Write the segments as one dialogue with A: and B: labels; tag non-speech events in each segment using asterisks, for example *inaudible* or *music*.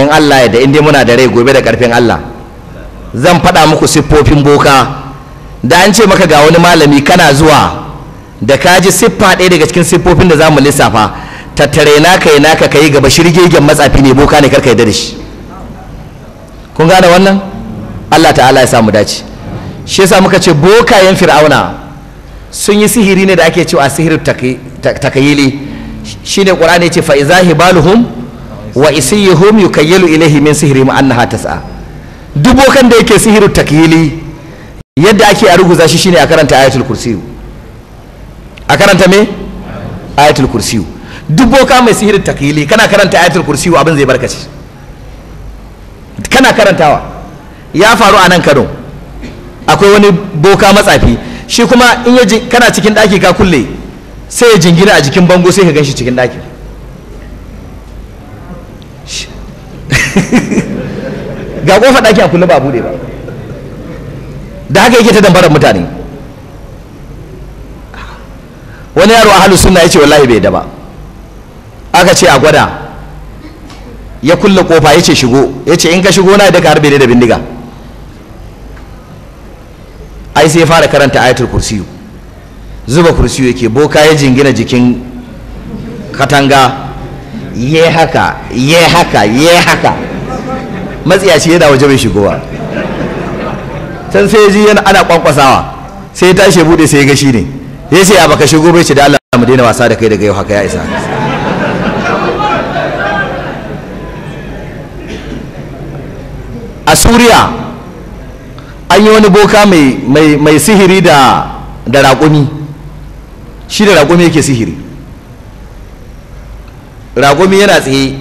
A: in Allah ya da inda muna da rai gobe da karfin Allah zan fada muku siffofin boka da an ce maka ga wani malami kana zuwa da ka ji siffa ɗaya daga cikin siffofin da za lissafa tattare naka yi naka ka yi gaba shirgegen matsafi ne boka ne karka yi da shi kun gane wannan Allah ta'ala ya samu dace shi yasa muka ce bokayen fir'auna sun yi sihiri ne da ake cewa sihirin takayili shine qur'ani yace ce fa iza hibaluhum wa isiyuhum yukayyalu ilayhi min ma annaha tas'a dubokan da yake sihiru takyili yadda ake a ruguza shi shine a karanta ayatul kursi a karanta me ayatul kursiyu dubboka mai sihirin takyili kana karanta ayatul kursi abin zai barkace kana karantawa ya faru a nan Kano akwai wani boka matsafi shi kuma in kana cikin daki ka kulle sai ya jingina a jikin bango sai ka ganshi cikin daki *laughs* ga kofar ɗaki a kulle ba a bude ba da haka yake ta dambarar mutane wani yaro a halittu suna ya ce wallahi bai daba aka ce a gwada ya kulle kofa ya ce shigo ya ce in ka shigo na da ka harbe da bindiga ai sai ya fara karanta ayatul kursiyu zuba kursiyu yake boka ya jingina jikin katanga ye haka ye haka ye haka matsiya shi yana waje bai shigowa can sai ji yana ana kwankwasawa sai tashi bude sai ga shi ne ya ce ya baka shigo bai shi da Allah mu daina wasa da kai daga yau haka ya isa a suriya an yi wani boka mai sihiri da raƙumi shi da raƙumi yake sihiri ragumi yana tsaye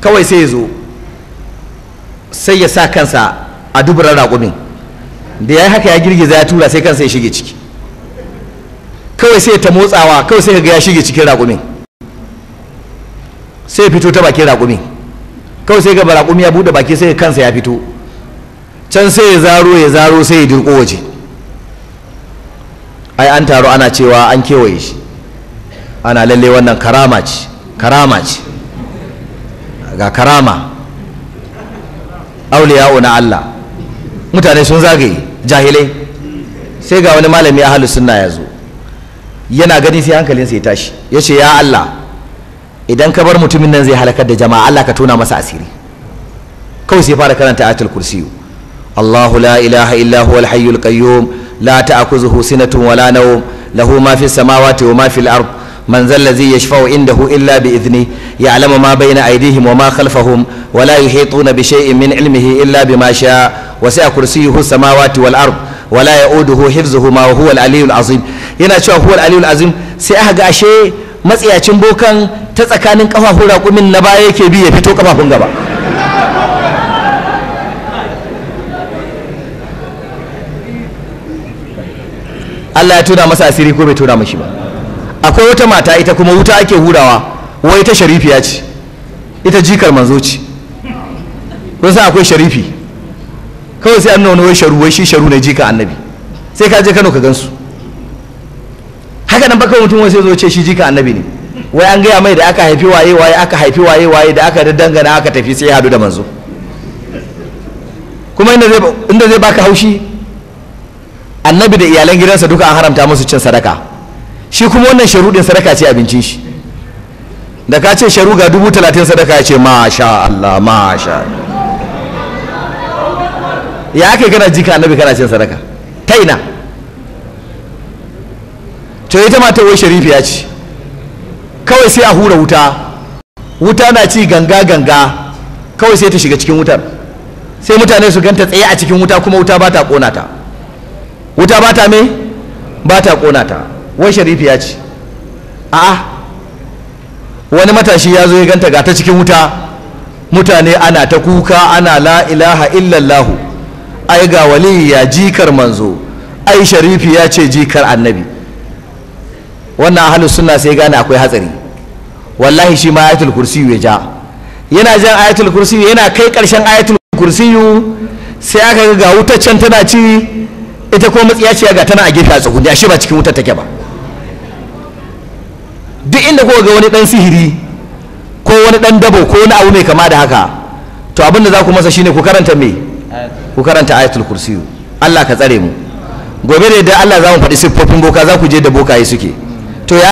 A: kawai sai ya zo sai ya sa kansa a dubaran ragomin da ya yi haka ya girgiza ya tura sai kansa ya shige ciki kawai sai ta motsawa kawai sai ga ya shige cikin ragumin sai ya fito ta bakin ragumin kawai sai gaba raƙumi ya buɗe baki sai kansa ya fito can sai ya zaro ya zaro sai ya dirko waje ai an taro ana cewa an kewaye shi ana lalle wannan karama ce karama ce ga karama auliya'u na Allah mutane sun zagaye jahilai sai ga wani malami ahalu sunna ya zo yana gani sai hankalinsa ya tashi ya ce ya Allah idan ka bar mutumin nan zai halakar da jama'a Allah ka tona masa asiri kawai sai fara karanta ayatul kursiyu Allahu la ilaha illa huwal hayyul qayyum la ta'khudhuhu sinatun wala nawm lahu ma fis samawati wa ma fil ardh من ذا الذي يشفع عنده إلا بإذنه يعلم ما بين أيديهم وما خلفهم ولا يحيطون بشيء من علمه إلا بما شاء وسع كرسيه السماوات والأرض ولا يؤوده حفظهما وهو العلي العظيم yana cewa huwal aliyul azim sai aka ga ashe matsiyacin bokan ta tsakanin kafafun raƙumin na baya yake bi ya fito kafafun gaba Allah ya tuna masa asiri ko bai tuna mashi ba akwai wata mata ita kuma wuta ake hurawa wai ta sharifiya ce ita jikar manzo ce kun san akwai sharifi kawai sai an nuna wai sharu wai shi sharu ne jika annabi sai ka je Kano ka gansu haka nan baka mutum wai sai zo ce shi jika annabi ne wai an gaya mai da aka haifi waye waye aka haifi waye waye da aka dangana aka tafi sai ya hadu da manzo kuma inda zai baka haushi annabi da iyalan gidansa duka an haramta musu cin sadaka shi kuma wannan sharuɗin sadaka ce abincin shi da ka ce sharu ga dubu talatin sadaka ya ce masha Allah masha ya aka kana jika annabi kana cin sadaka ta ina to ita mata wai ya ce kawai sai a hura wuta wuta na ci ganga ganga kawai sai ta shiga cikin wutar sai mutane su ganta tsaye a cikin wuta kuma wuta ba ta ƙona ta wuta ba ta me ba ta ƙona ta wai sharifiya ce a'a wani matashi ya zo ya ganta ga ta cikin wuta mutane ana ta kuka ana la ilaha illallahu ai ga waliya jikar manzo ai sharifi ya ce jikar annabi wannan ahalus suna sai gane akwai hatsari wallahi shi ma ayatul kursiyu ya ja yana jan ayatul kursiyu yana kai karshen ayatul kursiyu sai aka ga wutar can tana ci ita ko matsiya ce ga tana a gefe a tsugunni shi ba cikin wutar take ba duk inda kuka ga wani dan sihiri ko wani dan dabo ko wani abu mai kama da haka to abin da za ku masa shine ku karanta me ku karanta ayatul kursiyu Allah ka tsare mu gobe da Allah za mu faɗi siffofin boka za ku je da bokaye suke